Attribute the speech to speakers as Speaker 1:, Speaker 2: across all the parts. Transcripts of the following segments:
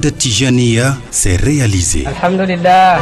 Speaker 1: de Tijaniya hein, s'est réalisée. Alhamdulillah.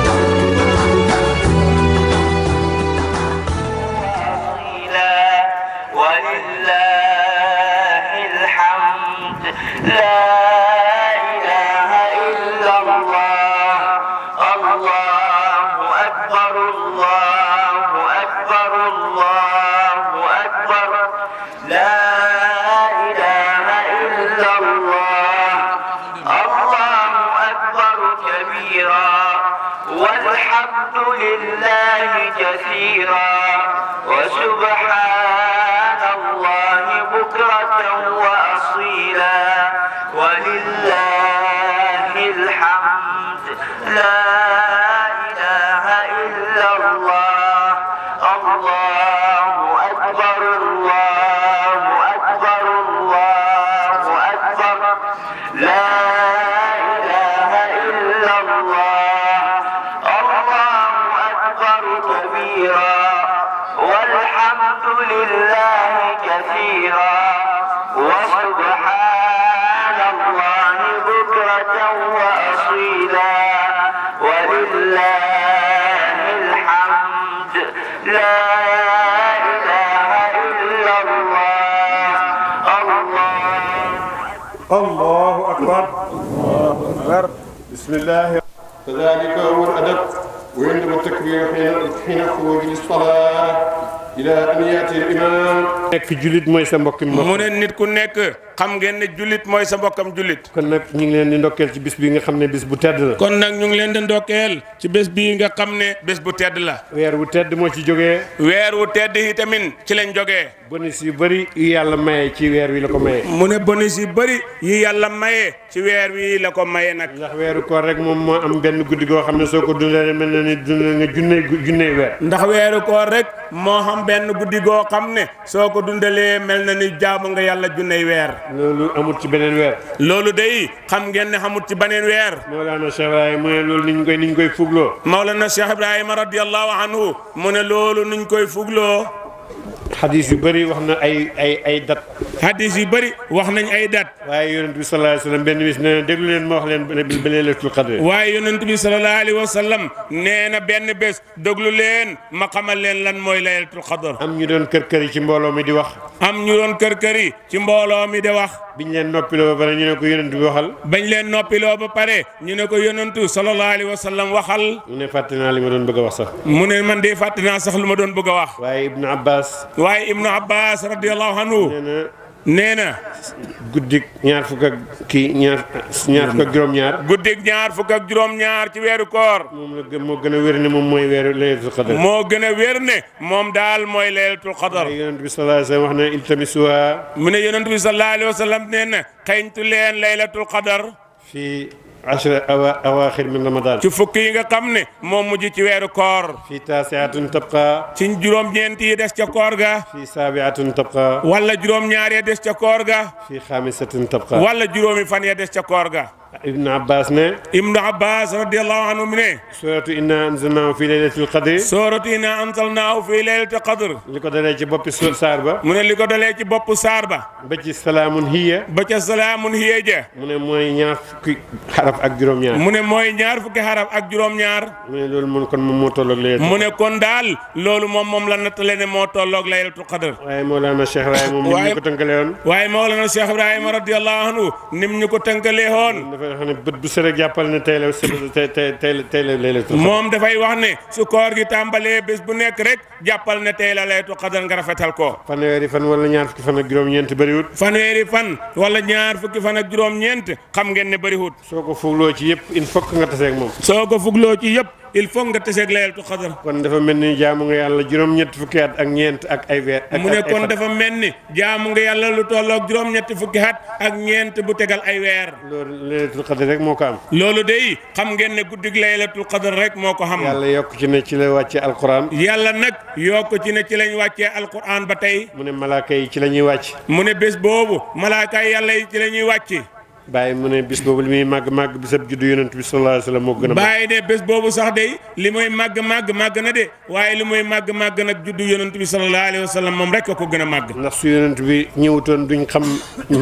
Speaker 1: وأصيلا ولله الحمد لا أكبر بسم الله فذلك هو الأدب ويندب التكبير حين خروج للصلاة إلى أن يأتي الإمام. xam ngeen ne jullit mooy sa mbokkam jullit kon nag ñu ngi leen di ndokkeel ci bis bi nga xam ne bis bu tedd la kon nag ñu ngi leen di ndokkeel ci bés bii nga xam ne bés bu tedd la weer wu tedd moo ci jógee weer wu tedd yi tamit ci lañ jógee bonus yu bëri yi yàlla maye ci weer wi la ko maye mu ne bonus yu bëri yàlla maye ci weer wi la ko maye nag ndax weeru koor rek moom moo am benn guddi goo xam ne soo ko mel na ni dundal nga junney junney weer ndax weeru koor rek moo xam benn guddi goo xam ne soo ko dundalee mel na ni jaamu nga yàlla junney weer loolu amut ci beneen weer. loolu day xam ngeen ne amut ci beneen weer. Mawlana Cheikh Ibrahima mu ne loolu niñ koy niñ koy fugloo. Mawlana Cheikh Ibrahima radiyallahu anhu mu ne loolu niñ koy fugloo. xadis yu bëri wax na ay ay ay dat xadis yu bëri wax nañ ay dat waaye yonent bi sallallahu benn bis nee na déglu leen ma wax leen ba laylatul benn bés déglu leen ma xamal leen lan mooy laylatul qadr am ñu doon kër kër yi ci mbooloo mi di wax am ñu doon kër kër ci mbooloo mi di wax biñ leen noppiloo ba pare ñu ne ko yonent bi waxal bañ leen noppiloo ba pare ñu ne ko yonentu sallallahu alayhi wa sallam waxal mu ne fàtte naa li ma doon bëgga a wax sax mu ne man de fàtte naa sax ma doon a waaye ibnu abbas radiallahu anhu nee na guddik ñaar fuk ak ki ñaar ñaar fuk ak juróom-ñaar guddik ñaar fuk ak juróom-ñaar ci wéru koor mom la moo gën a wér ne moom mooy weeru laylatul qadar mo gëna wërne mom ne moom daal mooy laylatul qadar yonent bi sallallahu alayhi wasallam waxna intamisuha mune iltamisuha sallallahu alayhi wasallam neena nee na leen laylatul qadar fi ashra awa awaaxir min ramadaan ci fukk yi nga xam ne moom mujj ci weeru koor fii taasiatun tabqa ci juróom-ñeent yi des ca koor ga fii saabiatun tabqa wala juróom-ñaar ya des ca koor ga fii xaamisatun tabqa wala juróomi fan ya des ca koor ga ابن عباس نے ابن عباس رضی اللہ عنہ نے إيه؟ سورۃ ان انزلنا فی لیلۃ القدر سورۃ ان انزلنا فی لیلۃ القدر لکو دلے چ بوب سور سار با من لکو دلے چ بوب سار با بچ السلام هي بچ السلام هي جا من موي ñaar fukki xaraf ak juroom ñaar من موي ñaar fukki xaraf ak juroom ñaar من لول من كون مو تولوك ليلۃ من كون دال لول موم موم لا نتلے نے مو تولوك ليلۃ القدر واي مولانا شيخ ابراهيم نيم نيكو تنگلي هون واي مولانا شيخ ابراهيم رضی اللہ عنہ نيم نيكو تنگلي هون dafay wax ne bët bu sëree jàppal ne tey la tey tey tey la laylatul qadr moom dafay wax ne su koor gi tàmbalee bés bu nekk rek jàppal ne tey la laylatul qadr nga rafetal ko fanweeri fan wala ñaar fukki fan ak juróom-ñeent bëriwut fanweeri fan wala ñaar fukki fan ak juróom-ñeent xam ngeen ne bëriwut soo ko fugloo ci yëpp il faut nga taseeg moom soo ko fugloo ci yëpp il faut nga teseeg laylatul xadar kon dafa mel ni jaamu nga yàlla juróom-ñetti fukki at ak ñeent ak ay weer mu ne kon dafa mel ni jaamu nga yàlla lu tolloog juróom-ñetti fukki at ak ñeent bu tegal ay weer loolu laylatul xadar rek moo ko am loolu day xam ngeen ne guddig laylatul xadar rek moo ko xam yàlla yokk ci ne ci la wàccee alquran yàlla nag yokk ci ne ci lañ wàccee alquran ba tey mu ne malaaka yi ci la ñuy wàcc mu ne bés boobu malaaka yi wàcc bàyyi mu ne bis boobu li muy màgg màgg bisab juddu yonent bi sallallahu alayhi wa moo gën a. bàyyi ne bés boobu sax de li mooy màgg màgg màgg na de waaye li mooy màgg màgg nag juddu yonent bi sallallahu alayhi wa sallam moom rek a ko gën a màgg. ndax su yonent bi ñëwutoon duñ xam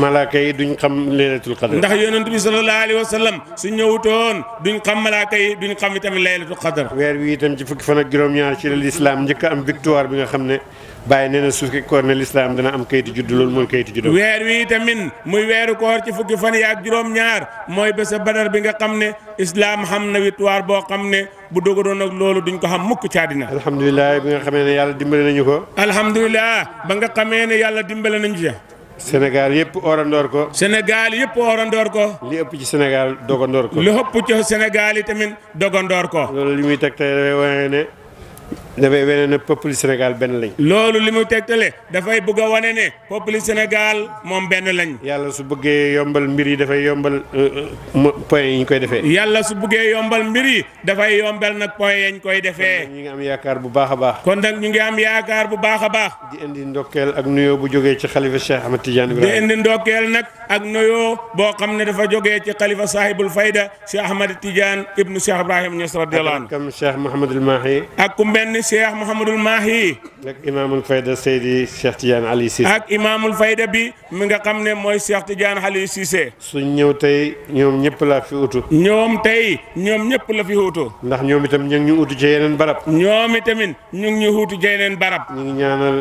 Speaker 1: malaaka yi duñ xam laylatul qadr. ndax yonent bi sa alayhi wa sallam su ñëwutoon duñ xam malaaka yi duñ xam itam laylatul qadr. weer wi itam ci fukki fan ak juróom-ñaar ci la lislaam njëkk am victoire bi nga xam ne. bàyyi nee na su fekkoon ne lislaam dana am kayitu juddu loolu mooy kayitu juddu weer wi tamit muy weeru koor ci fukki fan yi ak juróom-ñaar mooy bésa badar bi nga xam ne islaam xam na witwaar boo xam ne bu dogadoon ak loolu duñ ko xam mukk ci àddina alhamdulilah bi nga xamee ne yàlla dimbale nañu ko alhamdulilah ba nga xamee ne yàlla dimbale nañu ci Sénégal yëpp orandoor ko. Sénégal yëpp orandoor ko. li ëpp ci Sénégal dogandoor ko. li ëpp ci Sénégal yi tamit dogandoor ko. loolu li muy teg tey dafay dafay wane ne peuple Sénégal benn lañ. loolu li mu tegtale dafay bëgg a wane ne peuple senegal moom benn lañ. yàlla su bëggee yombal mbir yi dafay yombal euh, euh, point yi ñu koy defee. yàlla su bëggee yombal mbir yi dafay yombal nag point yi ñu koy defee. ñu ngi am yaakaar bu baax a baax. kon nag ñu ngi am yaakaar bu baax a baax. di indi ndokkeel ak nuyoo bu jógee ci xalifa Cheikh Ahmed Tidiane Ibrahima. di indi ndokkeel nag ak boo xam ne dafa jógee ci xalifa sahibul fayda Cheikh Ahmed Tidiane ibnu Cheikh Ibrahima Niass radiyallahu anhu. ak kam Cheikh Mouhamadul Mahi. ak ku mel Cheikh Mouhamadul Mahi. ak imaamul fayda Seydi Cheikh Tidiane Ali Cissé. ak imaamul fayda bi mi nga xam ne mooy Cheikh Tidiane Ali Cissé. suñ ñëw tey ñoom ñëpp laa fi utu. ñoom tey ñoom ñëpp la fi utu. ndax ñoom itam ñu ngi ñu utu ci yeneen barab. ñoom itamit ñu ngi ñu utu ci yeneen barab. ñu ngi ñaanal.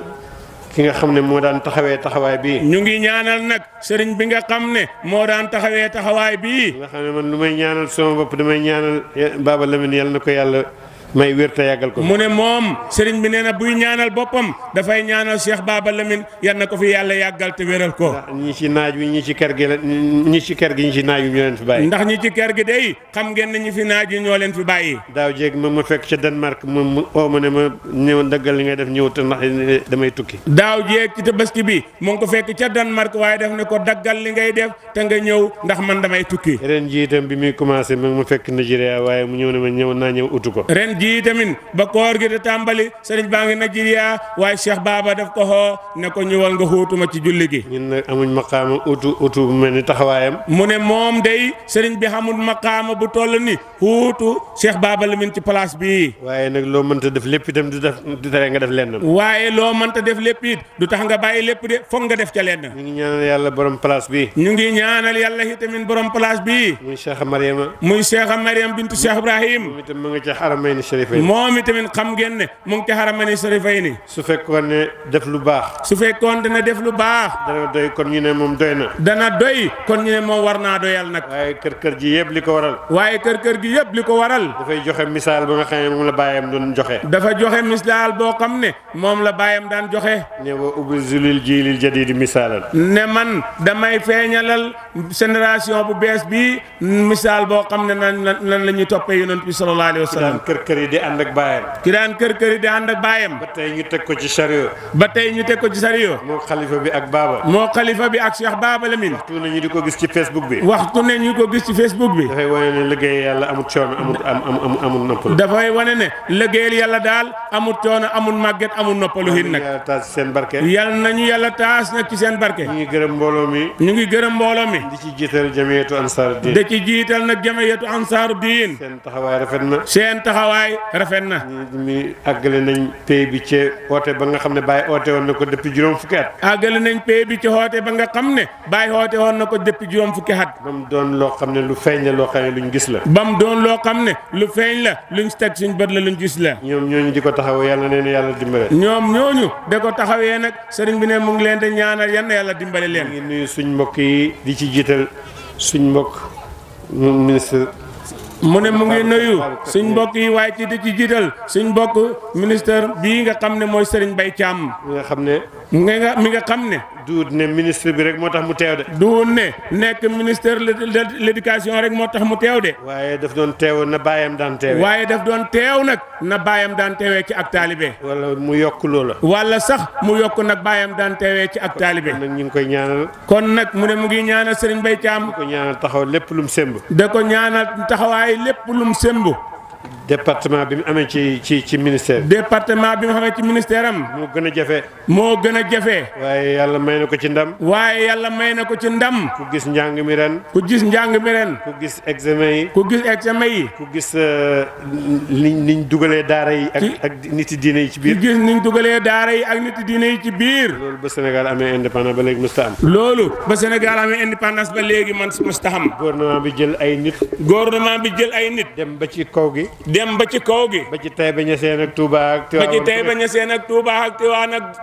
Speaker 1: ki nga xam ne moo daan taxawee taxawaay bi ñu ngi ñaanal nag sëriñ bi nga xam ne moo daan taxawee taxawaay bi nga xam ne man lu may ñaanal sama bopp damay ñaanal Baba Lamine yàlla na ko yàlla. may wér te yàggal ko. mu ne moom sëriñ bi nee na buy ñaanal boppam dafay ñaanal Cheikh Baba Lamine yan na ko fi yàlla yàggal te wéral ko. ndax ñi ci naaj wi ñi ci kër gi la ñi ci kër gi ñi ci naaj wi ñoo leen fi bàyyi. ndax ñi ci kër gi day xam ngeen ne ñi fi naaj wi ñoo leen fi bàyyi. daaw jéeg ma mu fekk ca Danemark moom mu oo ma ne ma ñëwoon dëggal li ngay def ñëw ñëwut ndax damay tukki. daaw jéeg ci tabaski bi mu ngi ko fekk ca Danemark waaye def ne ko daggal li ngay def te nga ñëw ndax man damay tukki. ren jiitam bi muy commencé ma mu fekk Nigeria waaye mu ñëw ne ma naa ñëw utu ko ji tamit ba koor gi di tàmbali sëriñ Nigeria way Cheikh Baba daf ko ho ne ko ñëwal nga hootuma ci julli gi. ñun amuñ maqama utu utu melni taxawayam mune mom day sëriñ bi xamul maqama bu toll ni hootu Cheikh Baba Lamine ci place bi waye nak lo meunta def lepp itam du def du tere nga def lenn. waye lo meunta def lepp it du tax nga baye lepp de fo nga def ca lenn. ñu ngi ñaanal yalla borom place bi. ñu ngi ñaanal yalla itamit borom place bi muy Cheikh Mariama. muy Cheikh Mariam bintu Cheikh Ibrahim. moom itam mu ngi ci xaramayni sharifayni moom itamit xam ngeen ne mu ngi ci xaramani sharifayni su fekkoon ne def lu baax su fekkoon dana def lu baax dana doy kon ñu ne moom doy na dana doy kon ñu ne moom war naa doyal nag waaye kër kër gi yëpp li ko waral waaye kër kër gi yëpp li ko waral dafay joxe misaal ba nga xam ne moom la bàyyam doon joxe dafa joxe misaal boo xam ne moom la bàyyam daan joxe ne wa ubrizulil jiilil jadidi misaalal ne man damay feeñalal génération bu bees bi misaal boo xam ne nan nan la ñuy toppee yonent bi sallallahu alayhi kër yi di ànd ak baayam ki daan kër kër yi di ànd ak baayam ba tey ñu teg ko ci sariyo ba tey bi ak baaba moo xalifa bi ak Cheikh Baaba Lamine waxtu ne ñu di ko gis ci facebook bi dafay wane ne liggéey yàlla am amul noppalu dafay wane ne liggéeyal yàlla daal amul coono amul màgget amul noppalu hin nag yàlla taas seen barke yàlla nañu yàlla taas nag ci seen barke ñu ngi gërëm mbooloo mi ñu ngi gërëm mbooloo mi di ci jiital jamiyatu ansaaru diin da ci jiital nag jamiyatu ansaaru diin seen seen taxawaay taxawaay rafet na. mi àggale nañ pay bi ca oote ba nga xam woon na ko depuis juróom fukki at. àggale nañ pay ba nga xam ne Baye oote woon na ko depuis juróom fukki at. ba mu doon loo xam ne lu feeñ la loo xam ne luñ gis la. ba mu doon loo xam ne lu feeñ la luñ teg suñ bët la luñ gis la. ñoom ñooñu di ko taxaw yàlla nee na yàlla dimbale. ñoom ñooñu da ko taxawee nag sëriñ bi ne mu ngi leen di ñaanal yan yàlla dimbale leen. ñu ngi nuyu suñ mbokk yi di ci jiital suñ mbokk ministre mu ne mu ngi nuyu suñ mbokk yi waaye ci di ci jiital suñ mbokk ministère bii nga xam ne mooy Serigne Mbaye Thiam. mi nga xam ne. mi mi nga xam ne. duut ne ministre bi rek moo tax mu teew de. duut ne nekk ministère de l'éducation rek moo tax mu teew de. waaye daf doon teew na baayam daan teewee. waaye daf doon teew nag na baayam daan teewee ci ak taalibe. wala mu yokk loola. wala sax mu yokk nag baayam daan teewee ci ak taalibe. kon nag ñu ngi koy ñaanal. kon nag mu ne mu ngi ñaanal Serigne Mbaye Thiam. da ko ñaanal taxaw lépp lum semb. da ko ñaanal taxawaay lépp lum semb. département bi mu amee ci ci ci ministère. département bi mu xamee ci ministère am. moo gën a jafe. moo gën a jafe. waaye yàlla may na ko ci ndam. waaye yàlla may na ko ci ndam. ku gis njàng mi ren. ku gis njàng mi ren. ku gis examen yi. ku gis examen yi. ku gis ni euh, niñ dugalee daara yi. ak ak nit yi diine yi ci biir. ku gis niñ dugalee daara yi ak nit yi yi ci biir. loolu ba Sénégal amee indépendance ba léegi musta am. loolu ba Sénégal amee indépendance ba léegi man musta am. gouvernement bi jël ay nit. gouvernement bi jël ay nit. ba ci kaw gi. dem ba ci kaw gi. ba ci Taïba Niassène ak Touba ak.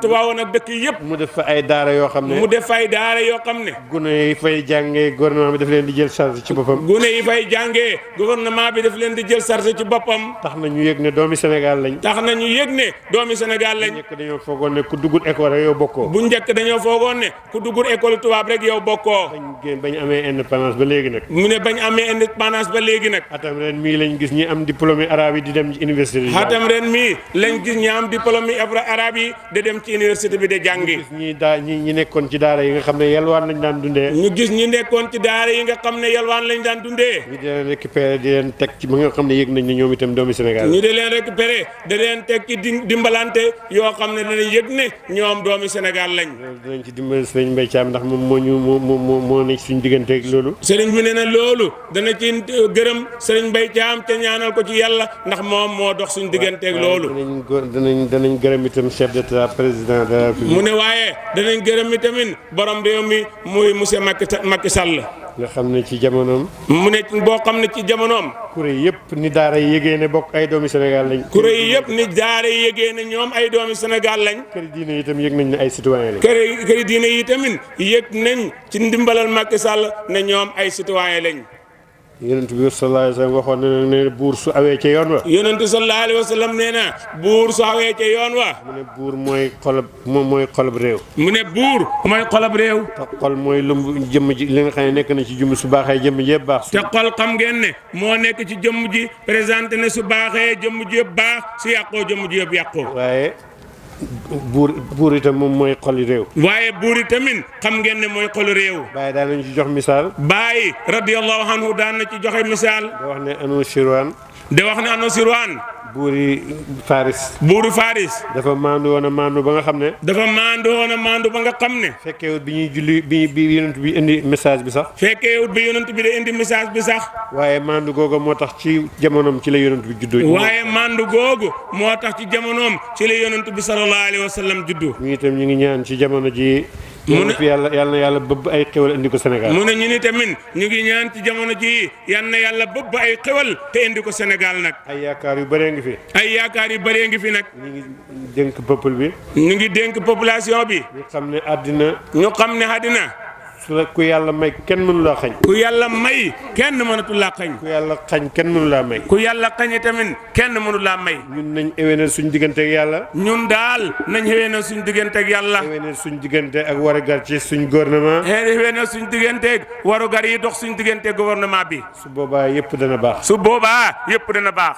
Speaker 1: Tiwaawan ak dëkk yëpp. mu def fa ay daara yoo xam ne. mu def fa ay daara yoo xam ne. gune yi fay jàngee gouvernement bi daf leen di jël charge ci boppam. gune yi fay jàngee gouvernement bi daf leen di jël tax na ñu yëg ne doomi Sénégal lañ. tax na ñu yëg ne doomi Sénégal lañ. bu njëkk dañoo foogoon ne ku duggul école rek yow bokkoo. bu njëkk dañoo foogoon ne ku duggul école tubaab rek yow bokkoo. bañ amee indépendance ba ne bañ amee indépendance ba léegi nag. atam diplôme arabe yi di dem ci université bi. xatam ren mii lañ gis ñaam diplôme yi di dem ci université bi de jàngi. ñu gis ñi daa ñi nekkoon ci daara yi nga xam ne yalwaan lañ daan dundee. ñu gis ñi nekkoon ci daara yi nga xam ne yalwaan lañ daan dundee. ñu di leen récupéré di leen teg ci ba nga xam ne yëg nañ ne ñoom itam doomi Sénégal. ñu di leen récupéré di leen teg ci dimbalante yoo xam ne danañ yëg ne ñoom doomi Sénégal lañ. dinañ ci dimbali sëriñ ndax moom moo ñu moo moo moo nekk loolu. sëriñ loolu dana ci gërëm sëriñ Mbaye Thiam ko ci yàlla la ndax moom moo dox suñu digganteeg loolu. danañ danañ gërëm itam chef d'état président de la République. mu ne waaye danañ gërëm itamit borom réew mi muy monsieur Macky Macky Sall. nga xam ne ci jamonoom. mu ne boo xam ne ci jamonoom. kuréel yëpp ni daara yi yëgee ne bokk ay doomi Sénégal lañ. kuréel yëpp ni daara yi yëgee ñoom ay doomi Sénégal lañ. kër diine yi yëg nañ ne ay citoyen lañ. kër kër diine yi tamit yëg nañ ci ndimbalal Macky Sall ne ñoom ay citoyen lañ. yonent bi sallallahu alayhi wa sallam waxoon na ne buur su awee ca yoon wa. yonent sallallahu alayhi wa nee na buur su awee ca yoon wa. mu ne buur mooy xolab moom mooy xolab réew. mu ne buur mooy xolab réew. te xol mooy lumb jëmm ji li nga xam ne nekk na ci jëmm su baaxee jëmm ji yëpp baax. te xol xam ngeen ne moo nekk ci jëmm ji présenté na su baaxee jëmm ji yëpp baax su yàqoo jëmm ji yëpp yàqoo. waaye. buur buur itam moom mooy xoli réew. waaye buur itamit xam ngeen ne mooy xoli réew. Baye daan nañu ci jox misaal. Baye radiyallahu anhu daan na ci joxe misaal. da wax ne anu sirwaan. de wax na anu sirwaan. buuri Faris. buuri Faris. dafa maandu woon a maandu ba nga xam ne. dafa maandu woon a maandu ba nga xam ne. fekkewut bi ñuy julli bi bi yonent bi indi message bi sax. fekkewut bi yonent bi da indi message bi sax. waaye maandu googu moo tax ci jamonoom ci la yonent bi juddoo. waaye maandu googu moo tax ci jamonoom ci la yonent bi sallallahu alayhi wa sallam juddoo. ñu itam ñu ngi ñaan ci jamono ji. mu yalla, yalla, yalla yàlla bëbb ay xewal indi ko Sénégal. mu ne ñu ni tamit ñu ngi ñaan ci jamono ji yal yalla bëbb ay xewal te indi ko Sénégal nag. ay yaakaar yu bëree ngi fi. ay yaakaar yu bëree ngi fi nag. ñu ngi dénk peuple bi. ñu ngi population bi. ñu ne ñu su la ku yàlla may kenn mënu laa xañ. ku yàlla may kenn mënatu laa xañ. ku yàlla xañ kenn mënula may. ku yàlla xañe tamit kenn mënu laa may. ñun nañ éwénal suñu diggante yàlla. ñun daal nañ éwénal suñu diggante ak yàlla. éwénal suñu diggante ak warugar ci suñu gouvernement. éwénal suñu diggante ak warugar yi dox suñu diggante gouvernement bi. su boobaa yëpp dana baax. su boobaa yépp dana baax.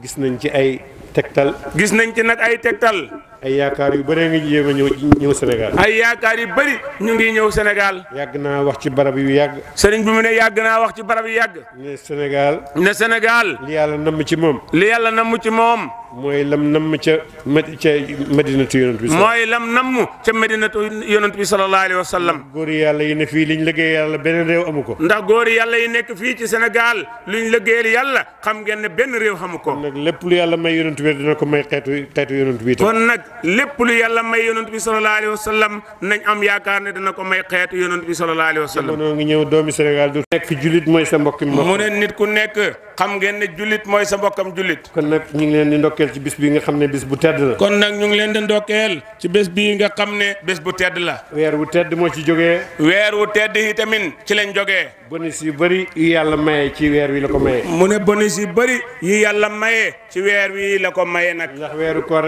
Speaker 1: gis nañ ci ay tegtal. gis nañ ci nag ay tegtal. ay yaakaar yu bëree ngi yéem a ñëw ñëw Sénégal. ay yaakaar yu bëri ñu ngi ñëw Sénégal. yàgg naa wax ci barab yu yàgg. sëriñ bi mu ne yàgg naa wax ci barab yu yàgg. ne Sénégal. ne Sénégal. li yàlla namm ci moom. li yàlla namm ci moom. mooy lam namm ca ma ca madinatu yonent bi. mooy lam namm ca madinatu yonent bi sallallahu alayhi wa sallam. góor yàlla yi ne fii liñ liggéey yàlla beneen réew amu ko. ndax góor yàlla yi nekk fii ci Sénégal luñ liggéeyal yàlla xam ngeen ne benn réew xamu ko. nag lépp lu yàlla may yonent bi dina ko may xeetu xeetu yonent bi kon nag lépp lu yàlla may yonent bi sallallahu alayhi wa sallam nañ am yaakaar ne dana ko may xeetu yonent bi sallallahu alayhi wa sallam. jamono ngi ñëw doomi Sénégal du nekk jullit mooy sa mbokkim mu ne nit ku nekk xam ngeen ne jullit mooy sa mbokkam jullit. kon nag ñu ngi leen di ndokkeel ci bis bi nga xam ne bis bu tedd la. kon nag ñu ngi leen di ndokkeel ci bés bii nga xam ne bés bu tedd la. weer wu tedd moo ci jógee. weer wu tedd yi tamit ci lañ jógee. bonus yu bëri yi yàlla maye ci weer wi la ko maye. mu ne bonus yu bëri yi yàlla la ko maye nag. ndax weeru koor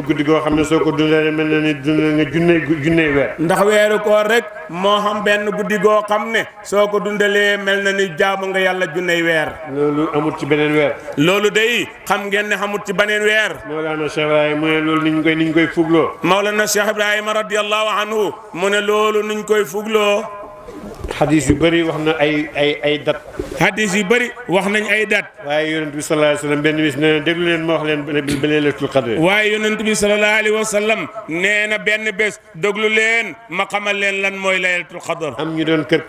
Speaker 1: genn guddi goo xam ne soo ko dundalee mel na ni dundal junne weer ndax weeru koor rek moo xam benn guddi goo xam ne soo ko dundalee mel na ni jaamu nga yàlla junney weer loolu amut ci beneen weer loolu day xam ngeen ne amut ci beneen weer Mawlana Cheikh Ibrahima mu ne loolu koy niñ koy fugloo Mawlana Cheikh Ibrahima radiyallahu anhu mu ne loolu niñ koy fugloo xadis yu bëri wax na ay ay dat xadis yu bëri wax nañ ay dat waaye yonent bi sallallahu alayhi wa sallam benn bis nee na déglu leen ma wax leen ba laylatul qadr waaye yonent bi sallallahu alayhi wa sallam nee na benn ma xamal leen lan mooy laylatul qadr am ñu doon kër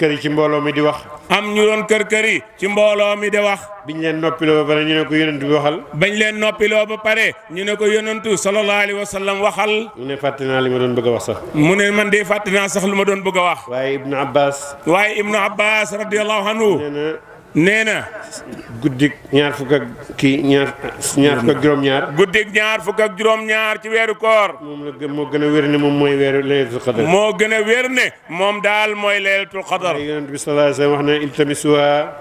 Speaker 1: am ñu doon kër kër yi ci mbooloo mi di wax biñ leen noppiloo ba pare ñu ne ko yonantu bi waxal. bañ leen noppiloo ba pare ñu ne ko yonantu sallallahu alayhi wa sallam waxal. mu ne fàtte naa li ma doon bëgg a wax sax. mu ne man de fàtte naa sax lu ma doon bëgg a wax. waaye Ibnu Abbas. waaye Ibnu Abbas radiyallahu anhu. nee na. guddik ñaar fukk ak kii ñaar ñaar fukk ak ñaar guddik ñaar fukk ak juróom-ñaar ci weeru koor. moom la moo gën a wér ne moom mooy weeru laylatul qadar. moo gën a wér ne moom daal mooy laylatul qadar. mu ne yonent bi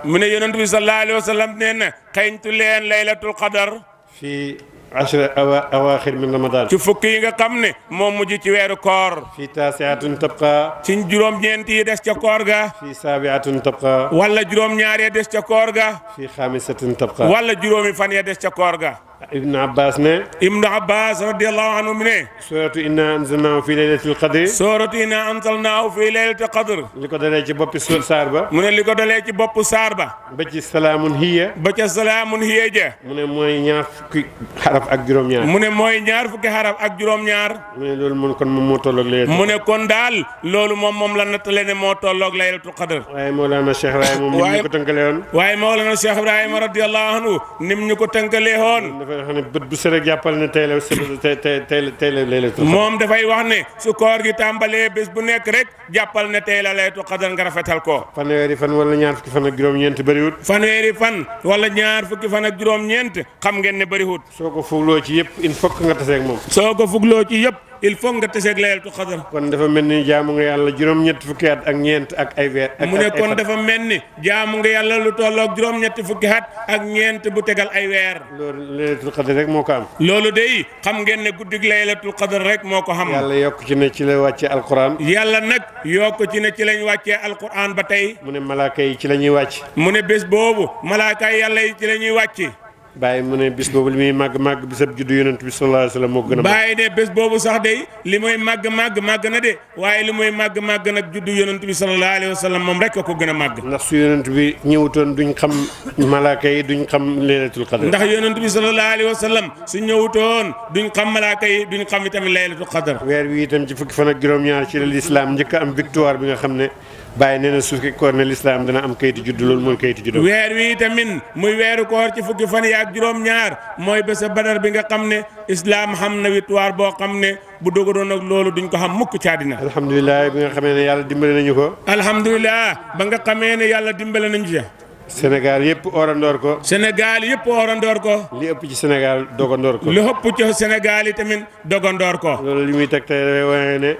Speaker 1: mu ne yonent bi sallallahu alayhi wa sallam nee na xëyntu leen laylatul qadar. fii. ashra awa awaaxir min ramadan ci fukk yi nga xam ne moom mujj ci weeru koor fii taasiatun tabqa ci juróom-ñeent yi des ca koor ga fii saabiatun tabqa wala juróom-ñaar ya des ca koor ga fii xaamisatun tabqa wala juróomi fan ya des ca koor ga Ibn Abbas ne. Ibn Abbas radiyallahu anhu mu ne. sooratu inna anzalnaahu fi laylatil qadr. sooratu inna anzalnaahu fi laylatil qadr. li ko dalee boppi saar ba. mu li ko dalee ci boppu saar ba. ba ci salaamun hiya. ba ca salaamun hiya ja. mu ne mooy ñaar fukki xaraf ak juróom-ñaar. mu ne mooy ñaar fukki xaraf ak juróom-ñaar. mu ne loolu moom kon moom moo tolloog laylatul. mu ne kon daal loolu moom moom la nattale ne moo tolloog laylatul qadr. waaye Mawlana Cheikh Ibrahima moom ni mu anhu ni mu ñu dafay wax ne bët bu set rek jàppal ne tey la tey tey moom dafay wax ne su koor gi tàmbalee bés bu nekk rek jàppal ne tey la laylatul qadar nga rafetal ko fanweeri fan wala ñaar fukki fan ak juróom-ñeent bëriwut fanweeri fan wala ñaar fukki fan ak juróom-ñeent xam ngeen ne bëriwut soo ko fugloo ci yëpp il faut nga taseeg moom soo ko fugloo ci yëpp il faut nga teseeg laylatul xadar kon dafa mel ni jaamu nga yàlla juróom-ñetti fukki at ak ñeent ak ay weer mu ne kon dafa mel ni jaamu nga yàlla lu tolloog juróom-ñetti fukki at ak ñeent bu tegal ay weer loolu laylatul xadar rek moo ko am loolu day xam ngeen ne guddig laylatul xadar rek moo ko xam yàlla yokk ci ne ci la wàccee alquran yàlla nag yokk ci ne ci lañ wàccee alquran ba tey mu ne malaaka yi ci la ñuy wàcc mu ne bés boobu malaaka yi wàcc bàyyi mu ne bis boobu li muy màgg màgg bisab juddu yonent bi sallallahu alayhi wa sallam moo gën a. bàyyi ne bés boobu sax day li mooy màgg màgg màgg na de waaye li mooy màgg màgg nag juddu yonent bi sallallahu alayhi wa sallam moom rek a ko gën a màgg. ndax su yonent bi ñëwutoon duñ xam malaaka yi duñ xam laylatul qadr. ndax yonent bi sa alayhi wa sallam su ñëwutoon duñ xam malaaka yi duñ xam itam laylatul qadr. weer wi itam ci fukki fan ak juróom-ñaar ci la lislaam njëkk a am victoire bi nga xam ne. bàyyi nee na su fekkoon ne lislaam dana am kayitu judd loolu mooy kayitu judd weer wi tamit muy weeru koor ci fukki fan yi juróom-ñaar mooy bésa badar bi nga xam ne islaam xam na witwaar boo xam ne bu dogadoon ak loolu duñ ko xam mukk ci àddina alhamdulilah bi nga xamee ne yàlla dimbale nañu ko alhamdulilah ba nga xamee ne yàlla dimbale nañu ci Sénégal yëpp orandoor ko. Sénégal yëpp orandoor ko. li ëpp ci Sénégal dogandoor ko. li ëpp ci Sénégal yi tamit dogandoor ko. loolu li muy teg tey dafay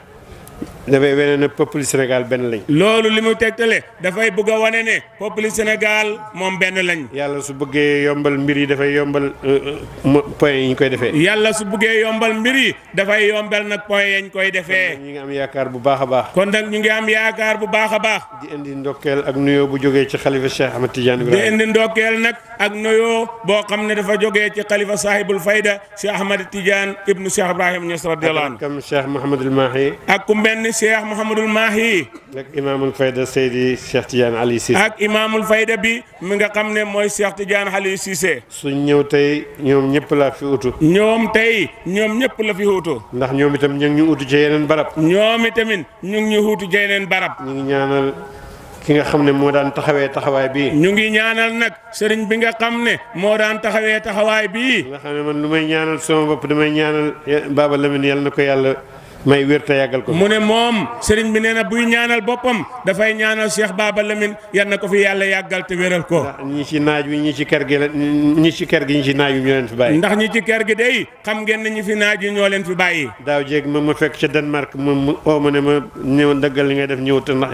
Speaker 1: dafay wéné ne peuple Sénégal ben lañ. lolu limu tektalé tegtale dafay bëgg wané né peuple Sénégal mom ben lañ. yalla su bëggé yombal mbir yi dafay yombal euh, euh, point yi ñu koy defee. yàlla su bëggé yombal mbir yi dafay yombal nak point yi ñu koy defee. ñu ngi am yaakar bu baaxa baax. kon nak ñi ngi am yaakar bu baaxa baax. di indi ndokkel ak nuyo bu joggé ci khalifa Cheikh Ahmed Tidiane ibrahim di indi ndokkel nak ak nuyo bo xamné ne dafa joggé ci khalifa Sahibul Fayda Cheikh Ahmed Tidiane ibnu Cheikh Ibrahima Niass radiyallahu anhu. ak kam Cheikh al Mahi. ak ku mel Cheikh Mouhamadul Mahi. ak imaamul fayda Seydi Cheikh Tidiane Ali Cissé. ak imaamul fayda bi mi nga xam ne mooy Cheikh Tidiane Ali Cissé. suñ ñëw tey ñoom ñëpp laa fi utu. ñoom tey ñoom ñëpp la fi utu. ndax ñoom itam ñu ñu utu ci yeneen barab. ñoom itamit ñu ngi ñu utu ci yeneen barab. ñu ngi ñaanal. ki nga xam ne moo daan taxawee taxawaay bi ñu ngi ñaanal nag sëriñ bi nga xam ne moo daan taxawee taxawaay bi nga xam ne man lu may ñaanal sama bopp damay ñaanal Baba Lamine yàlla na ko yàlla. may wér te yàggal ko mu ne moom sëriñ bi nee na buy ñaanal boppam dafay ñaanal Cheikh Baba Lamine yan na ko fi yàlla yàggal te wéral ko ndax ñi ci naaj wi ñi ci kër gi la ñi ci kër gi ñi ci naaj wi ñoo leen fi bàyyi ndax ñi ci kër gi day xam ngeen ne ñi fi naaj yi ñoo leen fi bàyyi daaw jéeg ma mu fekk ca Danemark moom mu oo ma ne ma ñëw dëggal li ngay def ñëw te ndax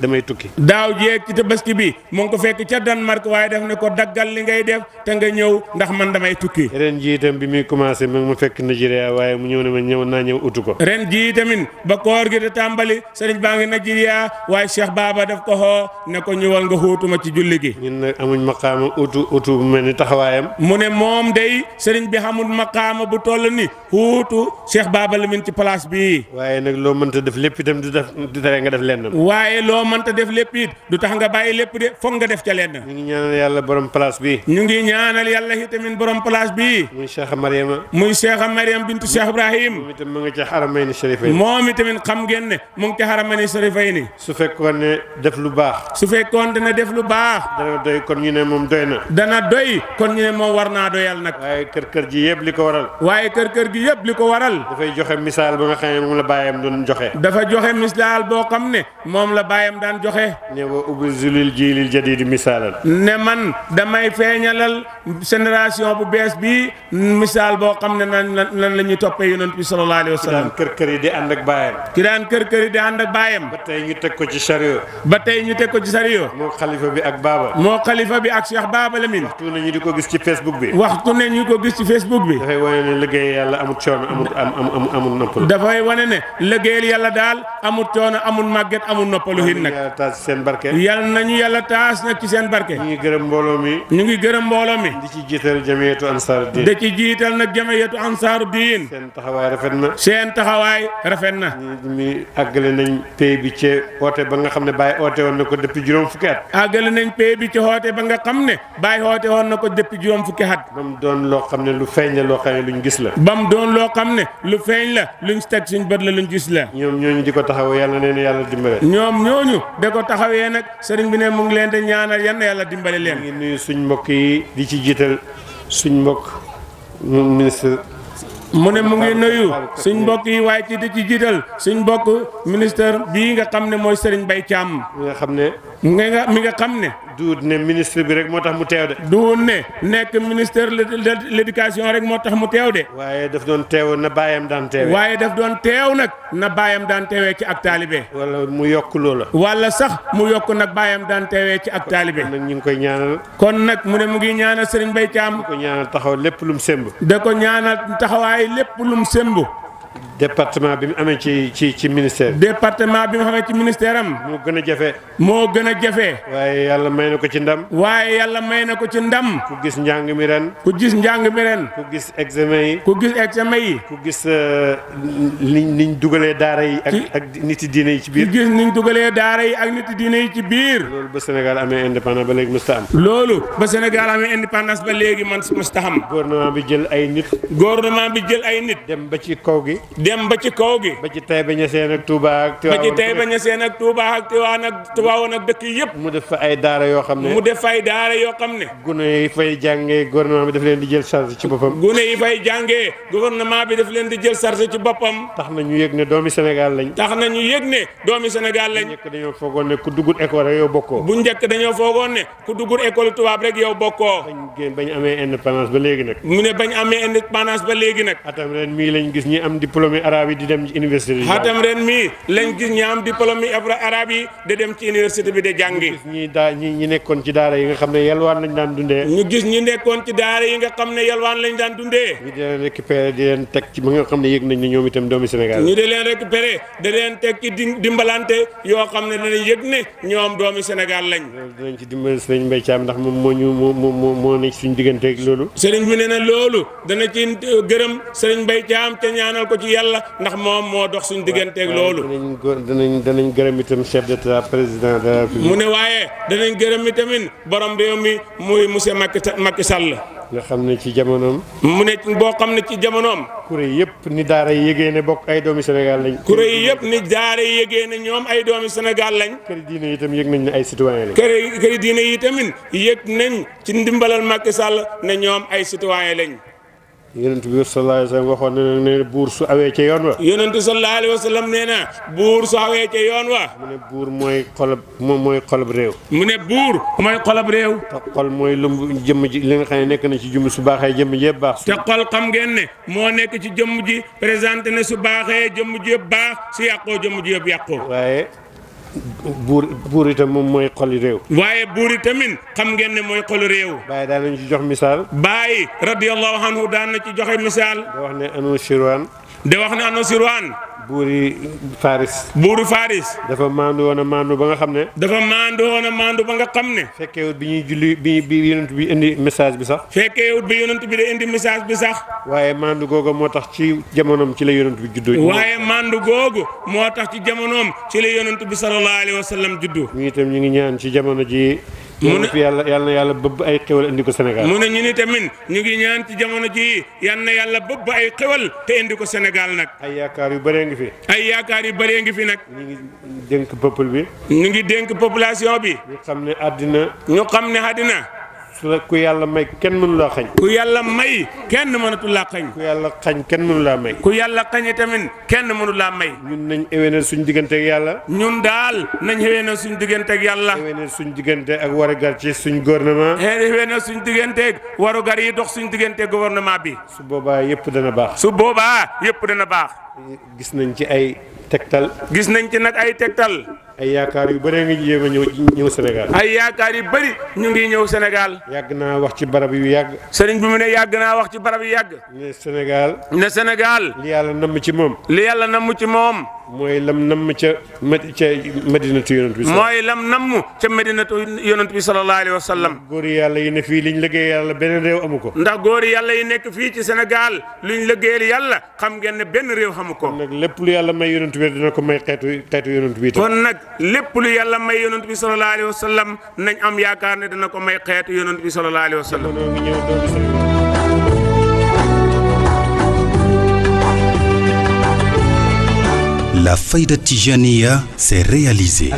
Speaker 1: damay tukki daaw jéeg ci tabaski bi mu ngi ko fekk ca Danemark waaye def ne ko daggal li ngay def te nga ñëw ndax man damay tukki ren jiitam bi muy commencé ma mu fekk Nigeria waaye mu ñëw ne ma naa ñëw utu ko ji tamit ba koor gi di tambali serigne bangi na Nigeria way Cheikh Baba daf ko ho ne ko ñëwal nga hootuma ci julli gi. ñun nak amuñ maqama utu utu melni taxawayam ni mu ne day serigne bi xamul maqama bu toll ni hootu Cheikh Baba la min ci place bi waye nak lo mënta def lepp itam du def du tere nga def lenn. waye lo mënta def lepp it du tax nga bàyyi lepp de fo nga def ca lenn. ñu ngi ñaanal yalla borom place bi. ñu ngi ñaanal yalla itamit borom place bi. muy Cheikh Mariama. muy Cheikh Mariam bintu Cheikh Ibrahim. itam mu nga ci xaramayni sharifayni moom itamit xam ngeen ne mu ngi ci xaramani sharifayni su fekkoon ne def lu baax su fekkoon dana def lu baax dana doy kon ñu ne moom doy na dana doy kon ñu ne moom war naa doyal nag waaye kër kër ji yëpp li ko waral waaye kër kër gi yëpp li ko waral dafay joxe misaal ba nga xam ne moom la bàyyam doon joxe dafa joxe misaal boo xam ne moom la bàyyam daan joxe ne wa ubrizulil jiilil jadidi misaalan ne man damay feeñalal génération bu bees bi misaal boo xam ne nan nan la ñuy toppee yonent bi sallallahu alayhi kër yi di ànd ak baayam ki daan ba tey ñu teg ba tey bi ak baaba di ko gis ci facebook bi waxtu ne ñu ko gis ci facebook bi dafay wane ne liggéey yàlla amul coono amul am am amul noppalu dafay wane ne liggéeyal yàlla daal amul coono amul màgget amul noppalu hin nag yàlla taas seen barke yàlla nañu yàlla taas nag ci seen barke ñu ngi gërëm mbooloo mi ñu ngi gërëm mbooloo mi di ci jiital jamiyatu ansaaru diin da ci jiital nag ansaaru diin seen taxawaay taxawaay rafet na. mi àggale nañ pay bi ci oote ba nga xam ne Baye oote woon na ko depuis juróom fukki at. àggale nañ pay bi ci oote ba nga xam ne Baye oote woon na ko depuis juróom fukki at. ba mu doon loo xam ne lu feeñ la loo xam ne luñ gis la. ba mu doon loo xam ne lu feeñ la luñ teg suñ bët la luñ gis la. ñoom ñooñu di ko taxawee yàlla nee na yàlla dimbale. ñoom ñooñu da ko taxawee nag sëriñ bi ne mu ngi leen di ñaanal yan yàlla dimbale leen. ñu ngi nuyu suñ mbokk di ci jiital suñ mbokk ministre mu ne mu ngi nuyu suñ mbokk yi waaye ci di ci jiital suñ mbokk ministère bi nga xam ne mooy Serigne Mbaye Thiam. nga xam ne nga mi nga xam ne. duut ne ministre bi rek moo tax mu teew de. duut ne nekk ministère de l'éducation rek moo tax mu teew de. waaye daf doon teew na baayam daan waaye daf doon teew nag. na baayam daan teewee ci ak taalibe. wala mu yokk loola. wala sax mu yokk nag baayam daan teewee ci ak taalibe. kon nag ñu ngi koy ñaanal. kon nag mu ne mu ngi ñaana Serigne Mbaye Thiam. da ko ñaanal taxaw lépp lum semb. da ko ñaanal taxawaay lépp lum semb. département bi mu amee ci ci ci ministère. département bi mu xamee ci ministère am. moo gën a jafe. moo gën a jafe. waaye yàlla may na ko ci ndam. waaye yàlla may na ko ci ndam. ku gis njàng mi ren. ku gis njàng mi ren. ku gis examen yi. ku gis examen yi. ku gis ni euh, niñ dugalee daara yi ak ak nit diine yi ci biir. ku gis niñ dugalee daara yi ak nit diine yi ci biir. loolu ba Sénégal amee indépendance ba léegi musta am. loolu ba Sénégal amee indépendance ba léegi man musta am. gouvernement bi jël ay nit. gouvernement bi jël ay nit. ba ci kaw gi. dem ba ci kaw gi. ba ci Taïba Niassène ak Touba ak. Tiwaawan ak dëkk yëpp. mu def fa ay daara yoo xam ne. mu def fa ay daara yoo xam ne. gune yi fay jàngee gouvernement bi daf leen di jël charge ci boppam. gune yi fay jàngee ne bi daf leen di jël charge tax na ñu yëg ne doomi Sénégal lañ. tax na ñu yëg ne doomi Sénégal lañ. bu njëkk dañoo foogoon ne ku duggul école rek yow bokkoo. bu njëkk dañoo foogoon ne ku duggul école tubaab rek yow bokkoo. bañ amee indépendance ba ne bañ amee indépendance ba léegi nag. atam ren mii lañ gis ñi diplôme arabe yi di dem ci université bi. xatam ren mii lañ gis ñaam diplôme yi arabe yi di di jàngi. ñi daa ñi ñi nekkoon ci daara yi nga xam ne yalwaan lañ daan dundee. ñu gis ñi nekkoon ci daara yi nga xam ne yalwaan lañ daan dundee. ñu di leen di leen teg ci ba nga xam ne yëg nañ ne ñoom itam doomi Sénégal. ñu di leen récupéré di leen teg ci dimbalante yoo xam ne danañ yëg ne ñoom doomi Sénégal lañ. dinañ ci dimbali sëriñ Mbaye Thiam ndax moo ñu moo moo moo nekk loolu. sëriñ bi nee loolu dana ci gërëm sëriñ Mbaye Thiam te ko ci yàlla ndax moom moo dox suñu digganteeg loolu. danañ danañ gërëm itam chef d'état président de la République. mu ne waaye danañ gërëm itamit borom réew mi muy monsieur Macky Macky Sall. nga xam ne ci jamonoom. mu ne boo xam ne ci jamonoom. kuréel yëpp ni daara yi yëgee ne bokk ay doomi Sénégal lañ. kuréel yëpp ni daara yi yëgee ñoom ay doomi Sénégal lañ. kër diine yi itam yëg nañ ne ay citoyen lañ. kër kër diine yi tamit yëg nañ ci ndimbalal Macky Sall ne ñoom ay citoyen lañ. yonent bi sallallahu alayhi wa sallam waxoon na ne buur su awee ca yoon wa. yonent sallallahu alayhi wa sallam nee na buur su awee ca yoon wa. mu ne buur mooy xolab moom mooy xolab réew. mu ne buur mooy xolab réew. te xol mooy lëmb jëmm ji li nga xam ne nekk na ci jëmm su baaxee jëmm ji yëpp baax. te xol xam ngeen ne moo nekk ci jëmm ji présenté na su baaxee jëmm ji yëpp baax su yàqoo jëmm ji yëpp yàqoo. waaye. buur buur itam moom mooy xol réew. waaye buur itamit xam ngeen ne mooy xol réew. Baye daan nañ ci jox misaal. Baye radiyallahu anhu daan na ci joxe misaal. da wax ne anu shirwaan. de wax na ne Anusirwan buuri Faris. buuri Faris. dafa maandu woon a ba nga xam ne. dafa maandu woon a maandu ba nga xam ne. fekkeewut bi ñuy julli bi bi yonent bi indi message bi sax. fekkeewut bi yonent bi da indi message bi sax. waaye maandu googu moo tax ci jamonoom ci la yonent bi juddu. waaye maandu googu moo tax ci jamonoom ci la yonent bi sallallahu alayhi wa sallam juddu. ñun itam ñu ngi ñaan ci jamono ji. mu fi yàlla yàlla yàlla bëbb ay xewal indi ko Sénégal mu ne ñu ni tamit ñu ngi ñaan ci jamono ji yal na yàlla bëbb ay xewal te indi ko Sénégal nag ay yaakaar yu bëree ngi fi ay yaakaar yu bëree ngi fi nak? ñu ngi dénk peuple bi ñu ngi population bi ñu xam ne ñu xam ne su la ku yàlla may kenn mënula laa xañ ku yàlla may kenn mënatu laa xañ ku yàlla xañ kenn mënu laa may ku yàlla xañe tamit kenn mënu laa may ñun nañ éwénal suñu diggante yàlla ñun daal nañ éwénal suñu diggante ak yàlla éwénal suñu diggante ak warugar ci suñ gouvernement eh, éwénal suñu diggante ak warugar yi dox suñu diggante gouvernement bi su boobaa yëpp dana baax su boobaa yëpp dana baax gis nañ ci ay tegtal gis nañ ci nag ay tegtal ay yaakaar yu bëri ngi jéem a ñëw ñëw Sénégal. ay yaakaar yu bari ñu ngiy ñëw Sénégal. yàgg naa wax ci barab yu yàgg. sëriñ bi mu ne yàgg naa wax ci barab yu yàgg. ne Sénégal. ne Sénégal. li yàlla namm ci moom. li yàlla namm ci moom. mooy lam namm ca ca madinatu yonent bi. mooy lam namm ca madinatu yonent bi sallallahu alayhi wa sallam. góor yàlla yi ne fii liñ liggéey yàlla beneen réew amu ko. ndax góor yàlla yi nekk fii ci Sénégal luñ liggéeyal yàlla xam ngeen ne benn réew xamu ko. kon nag lépp lu yàlla may yonent bi dina ko may xeetu xeetu yonent bi. kon nag lépp lu yàlla may yonent bi sallallahu alayhi wa sallam nañ am yaakaar ne dina ko may xeetu yonent bi sallallahu alayhi wa sallam. la de Tijaniya s'est réalisée.